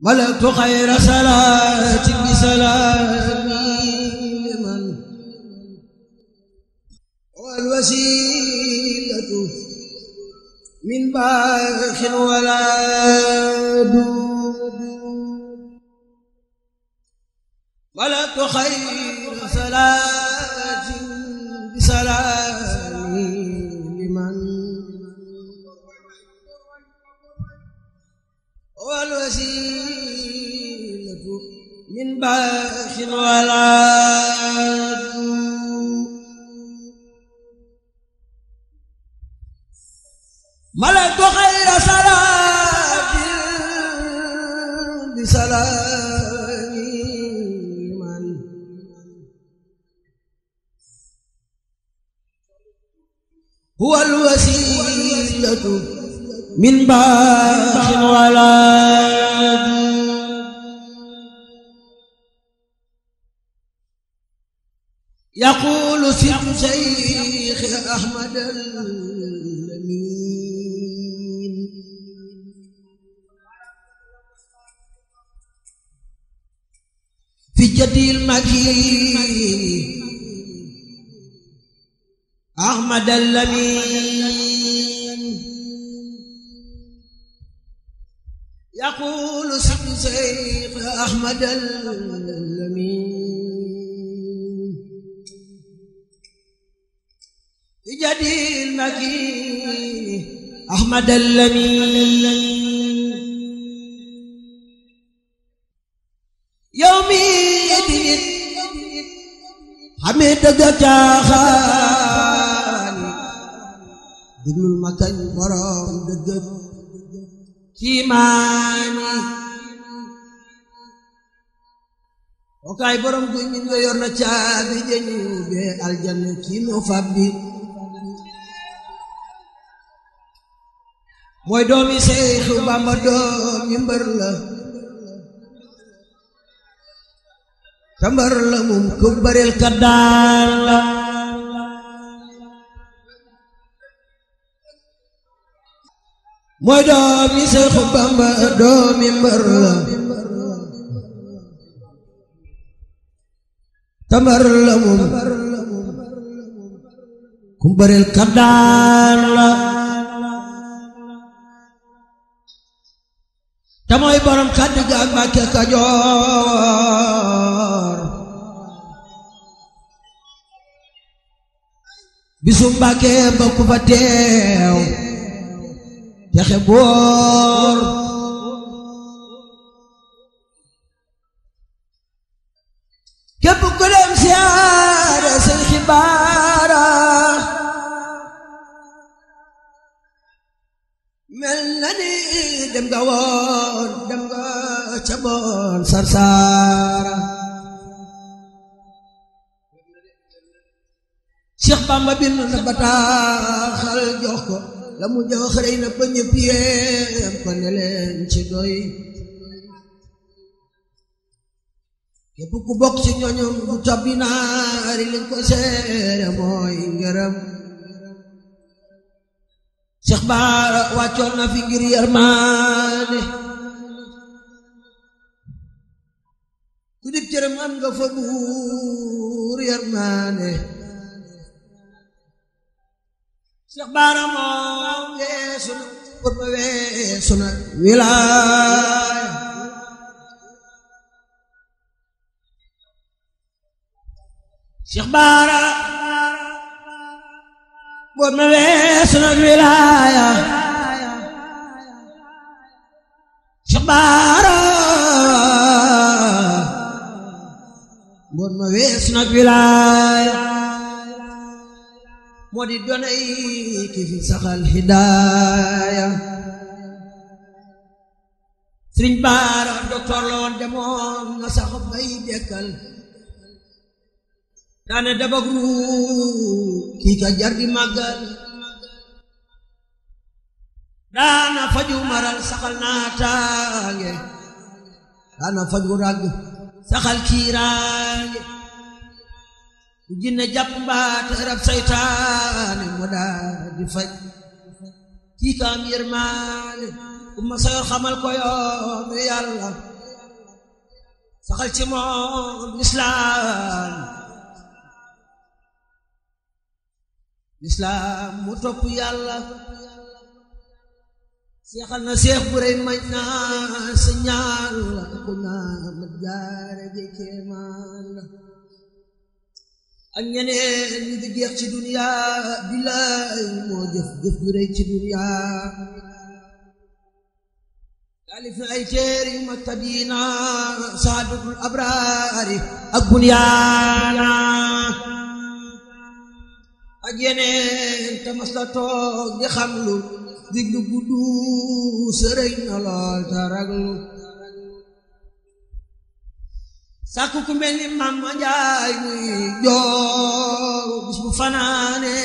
ملأت خير صلاة بسلامي لمن والوسيلة من باخ ولا دود ملأت خير صلاة بسلامي باس ولا عدو ملك خير صلاة بسلام من هو الوسيلة من بعد يقول سيد شيخ أحمد الأمين في جدي المجيد أحمد الأمين يقول سيد شيخ أحمد الأمين بجدي المكين أحمد اللمين يومي يدين حميد جاخان دغلو المكان برام دغ كيماني وكاي برام دوي من yor na caabi jeñu be aljanna kino fabbi mooy doomi Seexu Bamba doomi mbër la te mbër la moom ku bëril ka daan la mooy doomi Seexu Bamba doomi mbër la te mbër la moom ku bëril ka daan la Mbakke Kajoor bisu Mbakke ba ku fa teew texe boor képp ku dem siyaare seen xibaara mel na ni dem nga woon ca bool sarsaara Cheikh Bamba bind na bataaxal jox ko la mu jox rëy na ba ñëpp yéem ko ne ci doy képp ku bokk ci ñooñom bu tabbi naari liñ ko seere mooy ngërëm Cheikh Bara wàccoon na fi ngir yërmaane jërëm am nga fa buur yërmaane Seex Baara moo weesu na xutba weesu na wilaaya Seex Baara xutba weesu na wilaaya wees nag wilaaya moo di donay ki fi saxal hidaaya sëriñ baara docteur la woon demoon na sax bay dekkal daane dabag ruu kii ka jar di màggal daana faju maral saxal naataange daana faju ràgg saxal kiiraange jinne jàpp mbaat rab saytaane mu daal di faj kii kaam yërmaane ku ma sayo xamal ko yoonu yàlla ci moom lislaam lislaam mu topp yàlla seexal na seex bu rëy mañ naa sa ñaan la ku ñaan jaare ji kéemaan la ak ñeneen ñi di jeex ci dunya moo jëf jëf ju rëy ci dunya taalif na ay téer yu ma tabiina saadul abraari ak bunyaana ak yeneen te mas la toog di xam lu diglu guddu sàkku ku mel ni maam ma njaay muy jooru bu fanaane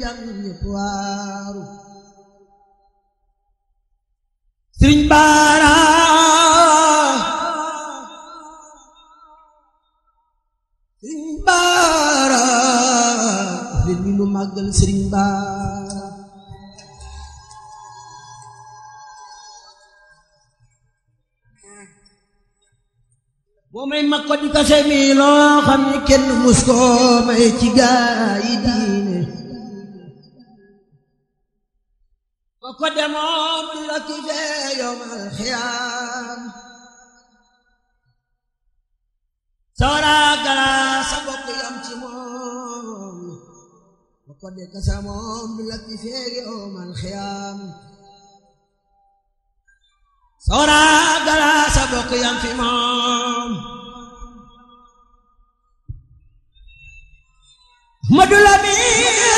jàng ñëpp waaru sëriñ baara sëriñ baara leen ñu màggal baara moom rek ma ko di kase mi loo xam ne kenn mus ko may ci gaa yi diine ba ko demoon di la tuddee yomal xiyaam sawara gara sa bopp yam ci moom ba ko de kasa moom di la tuddee yomal xiyaam sawara gara sa bopp yam fi moom Madou Lamine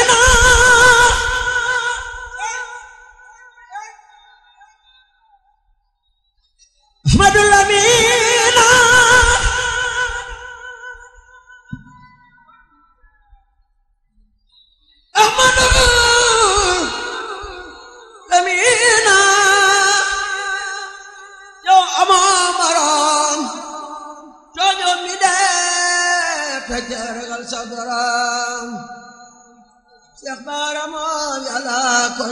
yàllaa ko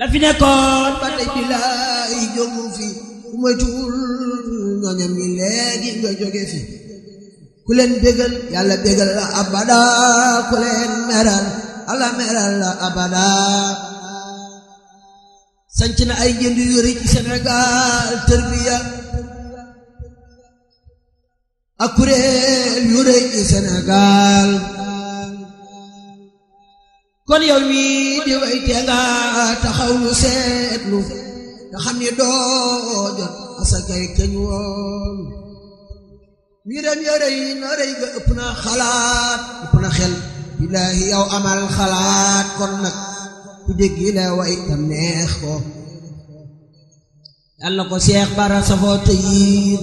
la fi nekkoon ba tey bi laay jógu fi ku ma ñooñam ñi léegi nga jóge fi ku leen bégal abada ku leen meral ala abada sanc ay jënd yu rëy ci Sénégal tërbiya ak kuréel kon yow mii di way te nga taxaw nga xam ni doo jot asakay kañ woon mbiram ya rëy na rëy ga ëpp xalaat ëpp na xel billaahi yow xalaat kon ku déggi la way tam neex ko yàlla ko seex bara safoo te yiir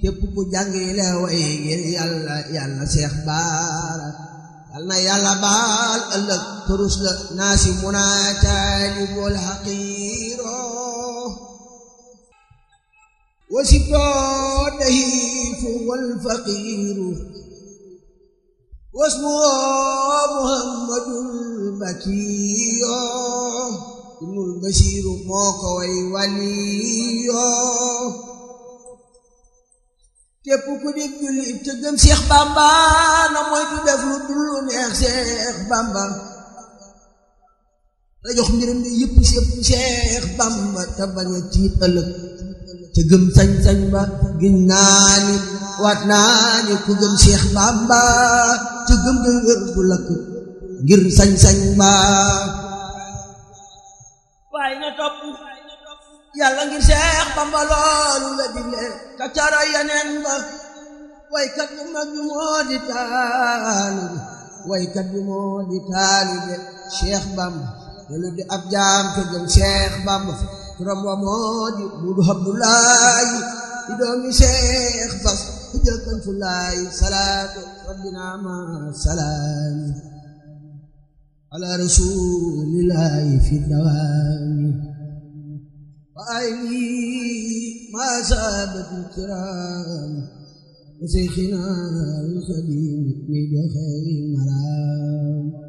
képp ku jàngi la way ngir yàlla yàlla baal ëllëg turus la naasi munaataani bool xaqiiroo وسباده فهو الفقير واسمه محمد المكي ابن البشير موك ويولي képp ku di jullit te gëm Seex Bamba na moytu def lu dul neex Seex Bamba da jox mbiram di yëpp sépp Seex Bamba te bañ a tiit ëllëg te gëm sañ-sañ ba gin naa ni waat naa ni ku gëm Seex Bàmba te gëm nga wér bu lakk ngir sañ-sañ ba waay na topp yàlla ngir Seex Bàmba loolu la digle ka cara yeneen ba waykat bu mag bi di taalibe waykat bi moo di taalibe Seex Bàmba delu di ab jaam te gëm turam wa moo di Buudu Abdulaayi di doomi Seex Fas di jëkkan fu laay salaatu rabbina ma salaami ala rasuulillaahi fi dawaami wa ayni ma saabati kiraam wa seyxinaa al xadiim mi joxe malaam